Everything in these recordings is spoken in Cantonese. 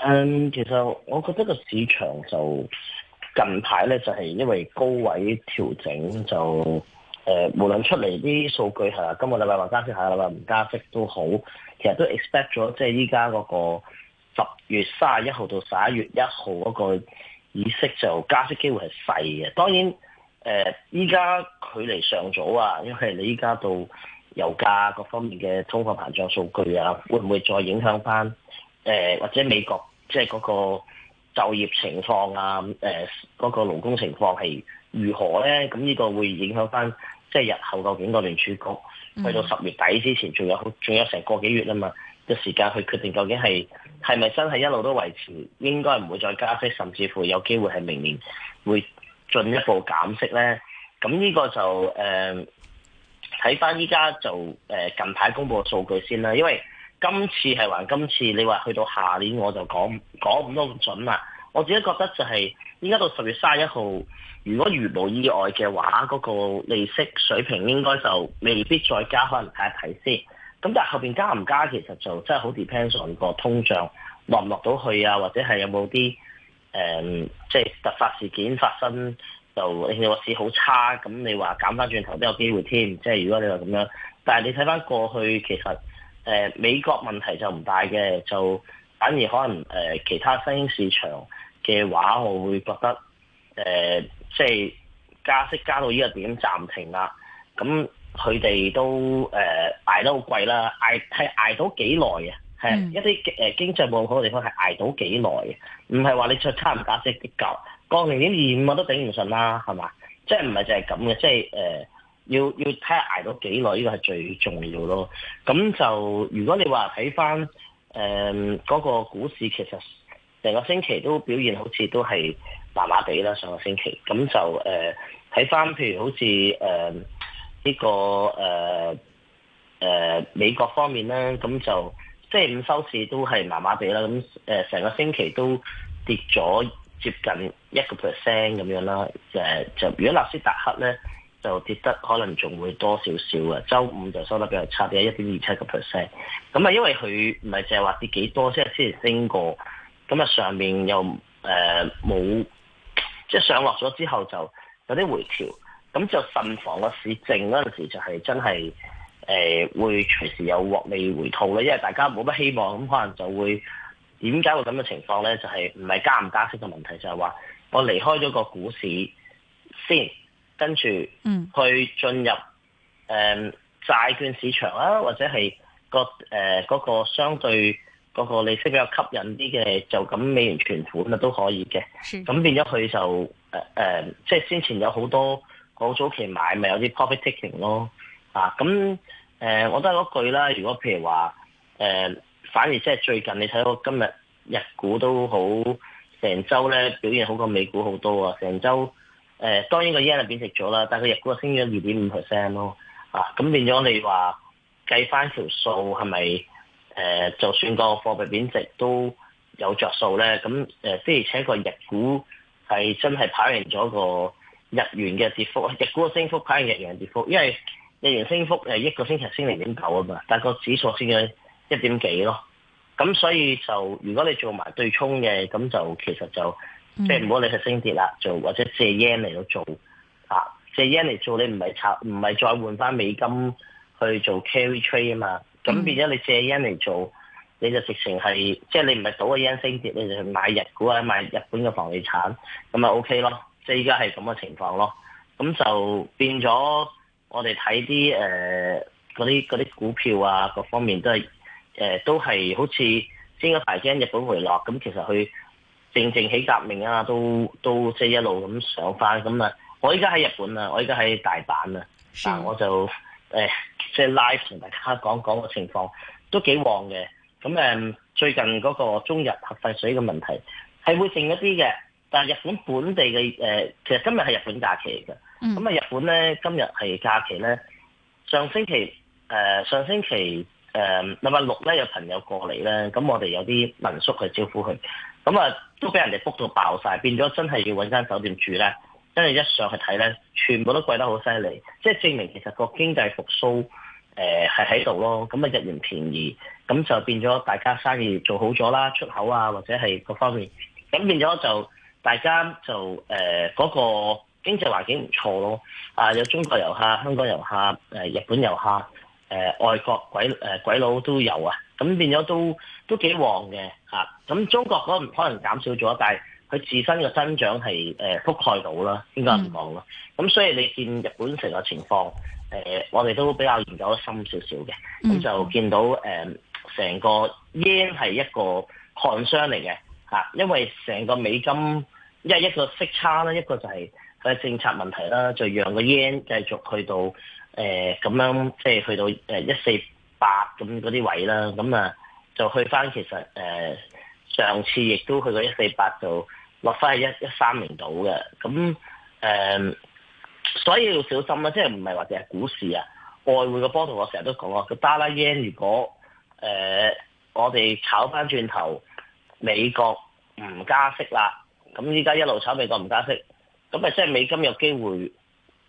嗯，um, 其實我覺得個市場就近排咧就係、是、因為高位調整就誒、呃，無論出嚟啲數據係今個禮拜話加息下，係禮拜唔加息都好，其實都 expect 咗即係依家嗰個十月卅一號到十一月一號嗰個議息就加息機會係細嘅。當然誒，依、呃、家距離尚早啊，因為你依家到油價各方面嘅通貨膨脹數據啊，會唔會再影響翻？誒或者美國即係嗰個就業情況啊，誒、呃、嗰、嗰個勞工情況係如何咧？咁呢個會影響翻即係日後究竟個聯儲局去到十月底之前，仲有仲有成個幾月啊嘛嘅時間去決定究竟係係咪真係一路都維持，應該唔會再加息，甚至乎有機會係明年會進一步減息咧。咁呢個就誒睇翻依家就誒、呃、近排公佈嘅數據先啦，因為。今次係還今次，你話去到下年我就講講唔到咁準啦。我自己覺得就係依家到十月三十一號，如果如無意外嘅話，嗰個利息水平應該就未必再加，可能睇一睇先。咁但後邊加唔加其實就真係好 depends on 個通脹落唔落到去啊，或者係有冇啲誒即係突發事件發生就你話市好差，咁你話減翻轉頭都有機會添。即係如果你話咁樣，但係你睇翻過去其實。誒、呃、美國問題就唔大嘅，就反而可能誒、呃、其他新興市場嘅話，我會覺得誒即係加息加到依個點暫停啦。咁佢哋都誒、呃、捱得好貴啦，捱係捱到幾耐啊？係、嗯、一啲誒經濟唔好嘅地方係捱到幾耐嘅，唔係話你再加唔加息啲夠，降零點二五我都頂唔順啦，係嘛？即係唔係就係咁嘅，即係誒。呃要要睇下挨到幾耐，呢個係最重要咯。咁就如果你話睇翻誒嗰個股市，其實成個星期都表現好似都係麻麻地啦。上個星期咁就誒睇翻，呃、譬如好似誒呢個誒誒、呃呃、美國方面咧，咁就星期五收市都係麻麻地啦。咁誒成個星期都跌咗接近一個 percent 咁樣啦。誒、呃、就如果納斯達克咧，就跌得可能仲會多少少啊！周五就收得比較差啲，一點二七個 percent。咁啊，因為佢唔係淨係話跌幾多，即係先升過，咁啊，上面又誒冇、呃，即係上落咗之後就有啲回調，咁就慎防個市淨嗰陣時就係真係誒、呃、會隨時有獲利回吐啦，因為大家冇乜希望，咁可能就會點解會咁嘅情況咧？就係唔係加唔加息嘅問題，就係、是、話我離開咗個股市先。跟住去進入誒、呃、債券市場啦、啊，或者係個誒嗰、呃、個相對嗰個利息比較吸引啲嘅，就咁美元存款啊都可以嘅。咁的變咗佢就誒誒、呃，即係先前有好多好、那個、早期買咪有啲 profit taking 咯。啊，咁誒、呃，我都係嗰句啦。如果譬如話誒、呃，反而即係最近你睇到今日日股都好，成周咧表現好過美股好多啊，成周。誒、呃、當然個 yen 係貶值咗啦，但係佢日股升咗二點五 percent 咯，啊，咁變咗你話計翻條數係咪誒就算個貨幣貶值都有着數咧？咁誒，雖然請個日股係真係跑贏咗個日元嘅跌幅，日股升幅跑贏日元跌幅，因為日元升幅係一個星期升零點九啊嘛，但係個指數升咗一點幾咯，咁所以就如果你做埋對沖嘅，咁就其實就。嗯、即係唔好理佢升跌啦，做或者借 yen 嚟到做，啊借 yen 嚟做你唔係炒，唔係再換翻美金去做 carry trade 啊嘛，咁變咗你借 yen 嚟做，你就直情係、嗯、即係你唔係賭個 yen 升跌，你就去買日股啊，買日本嘅房地產咁咪 OK 咯，即係依家係咁嘅情況咯，咁就變咗我哋睇啲誒嗰啲啲股票啊，各方面都係誒、呃、都係好似先一排 yen 日本回落，咁其實佢。靜靜起革命啊，都都即係一路咁上返咁啊！我依家喺日本啊，我依家喺大阪啊，嗱的，我就誒即係 live 同大家講講個情況，都幾旺嘅。咁、嗯、誒最近嗰個中日核廢水嘅問題係會靜一啲嘅，但係日本本地嘅誒，其實今日係日本假期嚟嘅。咁啊、嗯，日本咧今日係假期咧。上星期誒、呃，上星期誒禮拜六咧有朋友過嚟咧，咁我哋有啲民宿去招呼佢。咁啊、嗯，都俾人哋 book 到爆晒，變咗真係要揾間酒店住咧。真係一上去睇咧，全部都貴得好犀利，即係證明其實個經濟復甦，誒係喺度咯。咁啊，日元便宜，咁就變咗大家生意做好咗啦，出口啊或者係各方面，咁變咗就大家就誒嗰、呃那個經濟環境唔錯咯。啊、呃，有中國遊客、香港遊客、誒、呃、日本遊客。誒、呃、外國鬼誒、呃、鬼佬都有啊，咁變咗都都幾旺嘅嚇，咁、啊、中國嗰個可能減少咗，但係佢自身嘅增長係誒覆蓋到啦，應該咁講咯。咁、嗯、所以你見日本成個情況，誒、呃、我哋都比較研究得深少少嘅，嗯、就見到誒成、呃、個 yen 係一個 concern 嚟嘅嚇，因為成個美金一一個息差啦，一個就係佢嘅政策問題啦，就讓個 yen 繼續去到。誒咁、呃、樣即係去到誒一四八咁嗰啲位啦，咁啊、呃、就去翻其實誒、呃、上次亦都去到一四八就落翻去一一三年度嘅，咁誒、呃、所以要小心啦，即係唔係話淨係股市啊，外匯嘅波動我成日都講啊，佢打拉 yen 如果誒、呃、我哋炒翻轉頭美國唔加息啦，咁依家一路炒美國唔加息，咁啊即係美金有機會。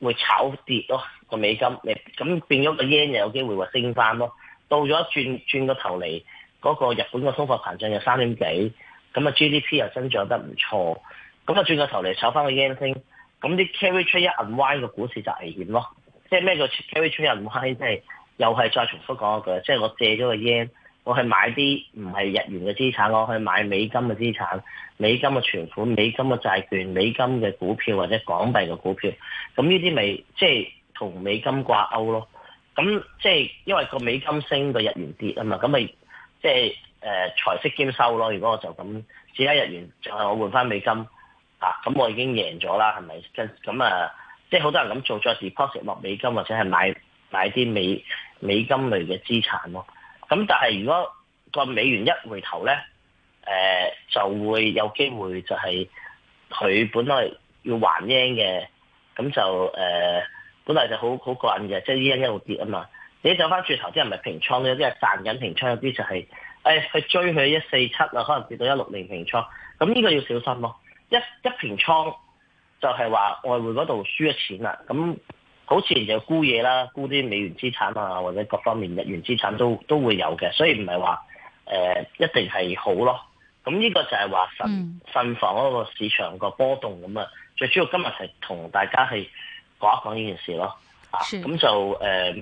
會炒跌咯個、哦、美金，咁變咗個 yen 又有機會會升翻咯。到咗轉轉個頭嚟，嗰、那個日本嘅通貨膨脹又三點幾，咁啊 GDP 又增長得唔錯，咁啊轉個頭嚟炒翻個 yen 升，咁啲 carry trade unwind 個股市就危險咯。即係咩叫 carry trade unwind？即係又係再重複講一句，即係我借咗個 yen。我去買啲唔係日元嘅資產，我去買美金嘅資產，美金嘅存款、美金嘅債券、美金嘅股票或者港幣嘅股票，咁呢啲咪即係同美金掛鈎咯？咁即係因為個美金升，個日元跌啊嘛，咁咪即係誒財息兼收咯？如果我就咁持翻日元，就係我換翻美金，嚇、啊、咁我已經贏咗啦，係咪？跟咁啊，即係好多人咁做咗 deposit 落美金或者係買買啲美美金類嘅資產咯。咁但係如果個美元一回頭咧，誒、呃、就會有機會就係佢本來要還日圓嘅，咁就誒、呃、本來就好好過癮嘅，即係日圓一路跌啊嘛。你走翻轉頭，即係唔係平倉，有啲係賺緊平倉，有啲就係、是、誒、哎、去追佢一四七啊，可能跌到一六零平倉。咁呢個要小心咯。一一平倉就係話外匯嗰度輸咗錢啦。咁好似就沽嘢啦，沽啲美元資產啊，或者各方面日元資產都都會有嘅，所以唔係話誒一定係好咯。咁呢個就係話慎慎防嗰個市場個波動咁啊。最主要今日係同大家係講一講呢件事咯。是啊，咁就誒、呃、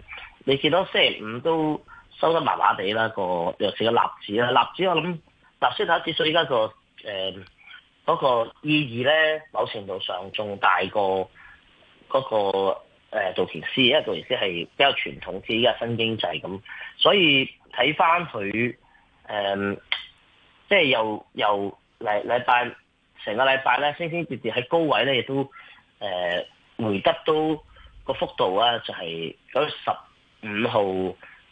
你見到星期五都收得麻麻地啦，那個尤其是個納指啦，嗯、納指我諗納斯達指數依家個誒嗰、呃那個、意義咧，某程度上仲大過嗰、那個誒道瓊斯，因為道瓊斯係比較傳統啲，依家新經濟咁，所以睇翻佢誒，即、嗯、係、就是、又又禮禮拜成個禮拜咧，升升跌跌喺高位咧，亦都誒、呃、回得都個幅度啊，就係九月十五號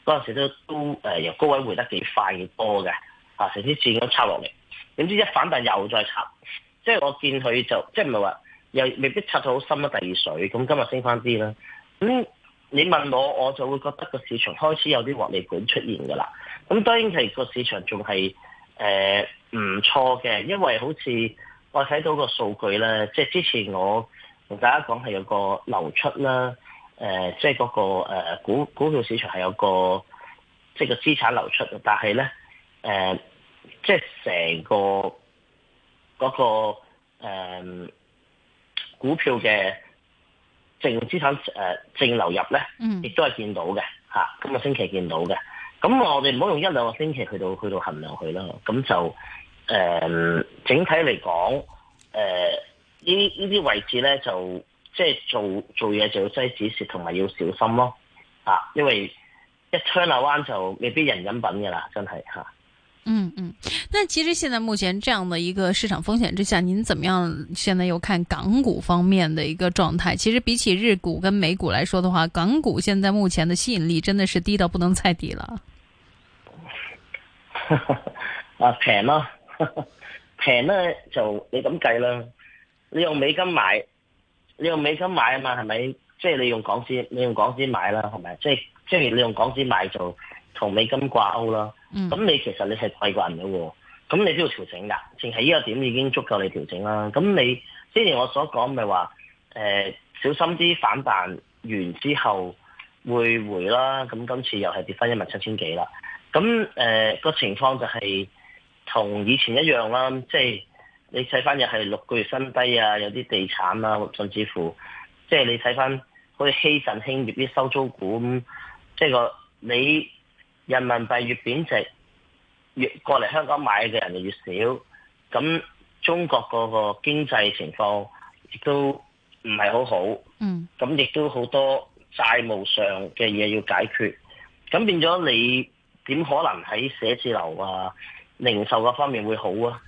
嗰陣時都高，誒、呃、由高位回得幾快幾多嘅，啊成支線咁插落嚟，點知一反彈又再插，即、就、係、是、我見佢就即係唔係話，就是又未必插到好深，一第二水，咁今日升翻啲啦。咁、嗯、你問我，我就會覺得個市場開始有啲獲利盤出現㗎啦。咁、嗯、當然係個市場仲係誒唔錯嘅，因為好似我睇到個數據咧，即係之前我同大家講係有個流出啦，誒、呃，即係、那、嗰個、呃、股股票市場係有個即係個資產流出，但係咧誒，即係成個嗰、那個、呃股票嘅淨資產，誒、呃、淨流入咧，亦都係見到嘅嚇、啊。今日星期見到嘅咁、啊，我哋唔好用一兩個星期去到去到衡量佢啦。咁、嗯、就誒、呃、整體嚟講，誒呢呢啲位置咧，就即係做做嘢就要西指示，同埋要小心咯嚇、啊。因為一吹 u r 就未必人飲品嘅啦，真係嚇。啊嗯嗯，但其實現在目前這樣的一個市場風險之下，您怎麼樣？現在又看港股方面的一個狀態，其實比起日股跟美股來說的話，港股現在目前的吸引力真的是低到不能再低了。平咯、 啊，平呢、啊 啊、就你咁計啦，你用美金買，你用美金買啊嘛，係咪？即、就、係、是、你用港紙，你用港紙買啦，係咪、就是？即係即係你用港紙買就同美金掛鈎咯。咁、嗯嗯、你其實你係貴過人咯喎，咁你都要調整噶，淨係呢個點已經足夠你調整啦。咁你之前我所講咪話，誒、呃、小心啲反彈完之後會回啦。咁今次又係跌翻一萬七千幾啦。咁誒個情況就係同以前一樣啦，即係你睇翻又係六個月新低啊，有啲地產啊，甚至乎即係你睇翻好似希慎興業啲收租股，嗯、即係個你。人民幣越貶值，越過嚟香港買嘅人就越少。咁中國嗰個經濟情況亦都唔係好好。嗯。咁亦都好多債務上嘅嘢要解決。咁變咗你點可能喺寫字樓啊、零售嗰方面會好啊？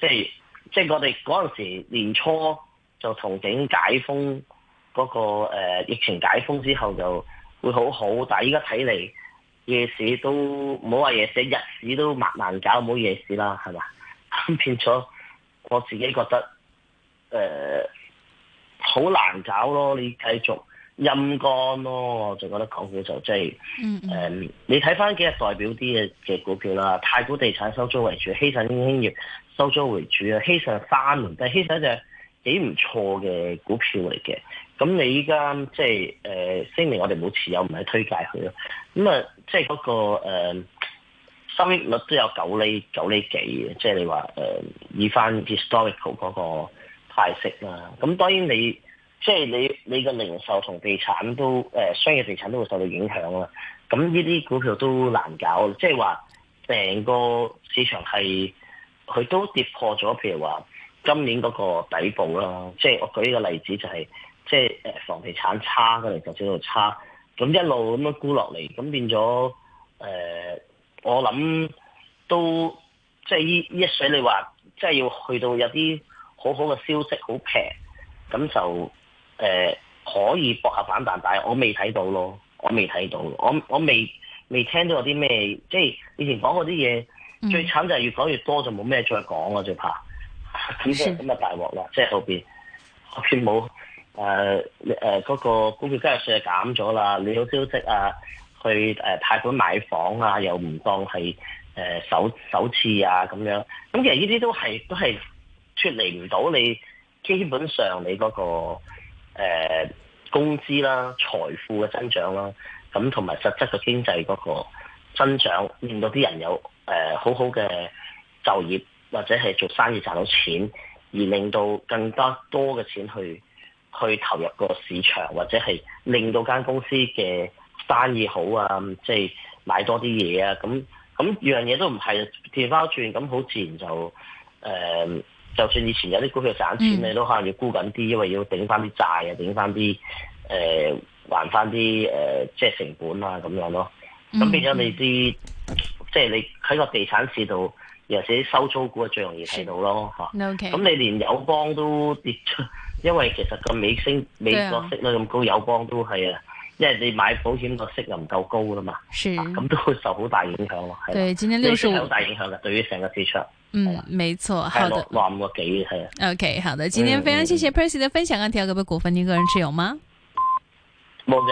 即係即係我哋嗰陣時年初就同警解封嗰、嗰個、呃、疫情解封之後就會好好，但係依家睇嚟。夜市都冇話夜市，日市都慢慢搞，冇夜市啦，係嘛？ 變咗，我自己覺得，誒、呃，好難搞咯。你繼續陰乾咯，我就覺得港股就即係，誒、呃，你睇翻幾日代表啲嘅嘅股票啦，太古地產收租為主，希慎興業收租為主啊，希慎三年，但係希慎就幾唔錯嘅股票嚟嘅。咁你依家即係誒，聲明我哋冇持有，唔係推介佢咯。咁啊，即係嗰個誒收益率都有九厘九厘幾嘅，即係你話誒以翻 historical 嗰個派息啦。咁當然你即係你你嘅零售同地產都誒商業地產都會受到影響啦。咁呢啲股票都難搞，即係話成個市場係佢都跌破咗，譬如話今年嗰個底部啦。即係我舉呢個例子就係。即係誒房地產差嘅嚟，就知道差。咁一路咁樣沽落嚟，咁變咗誒、呃，我諗都即係依一水。你話即係要去到有啲好好嘅消息，好平，咁就誒、呃、可以博下反彈。但係我未睇到咯，我未睇到，我我未未聽到有啲咩。即係以前講嗰啲嘢，最慘、啊、就係越講越多，就冇咩再講，我最怕起咗咁就大鑊啦。即係後邊我全冇。誒誒，嗰、呃呃那個股票交易稅減咗啦，利好消息啊！去誒貸款買房啊，又唔當係誒、呃、首首次啊咁樣。咁、嗯、其實呢啲都係都係脫離唔到你基本上你嗰、那個誒、呃、工資啦、財富嘅增長啦，咁同埋實質嘅經濟嗰個增長，令到啲人有誒、呃、好好嘅就業或者係做生意賺到錢，而令到更加多嘅錢去。去投入個市場，或者係令到間公司嘅生意好啊，即係買多啲嘢啊，咁咁樣嘢都唔係掉翻轉，咁好自然就誒、呃，就算以前有啲股票賺錢，嗯、你都可能要沽緊啲，因為要頂翻啲債啊，頂翻啲誒還翻啲誒即係成本啊咁樣咯。咁變咗你啲，嗯嗯即係你喺個地產市道，尤其是收租股啊，最容易睇到咯嚇。咁 Okay. 你連友邦都跌出。 因為其實個美升美國息率咁高，友邦、啊、都係啊，因為你買保險個息又唔夠高啦嘛，咁是、啊、都會受好大影響喎。對，吧今天六十五大影響嘅，對於成個市場。嗯，吧沒錯，好的，話五個幾係啊。OK，好的，今天非常謝謝 Percy 的分享啊，聽下嗰邊股份你個人持有嗎？冇嘅。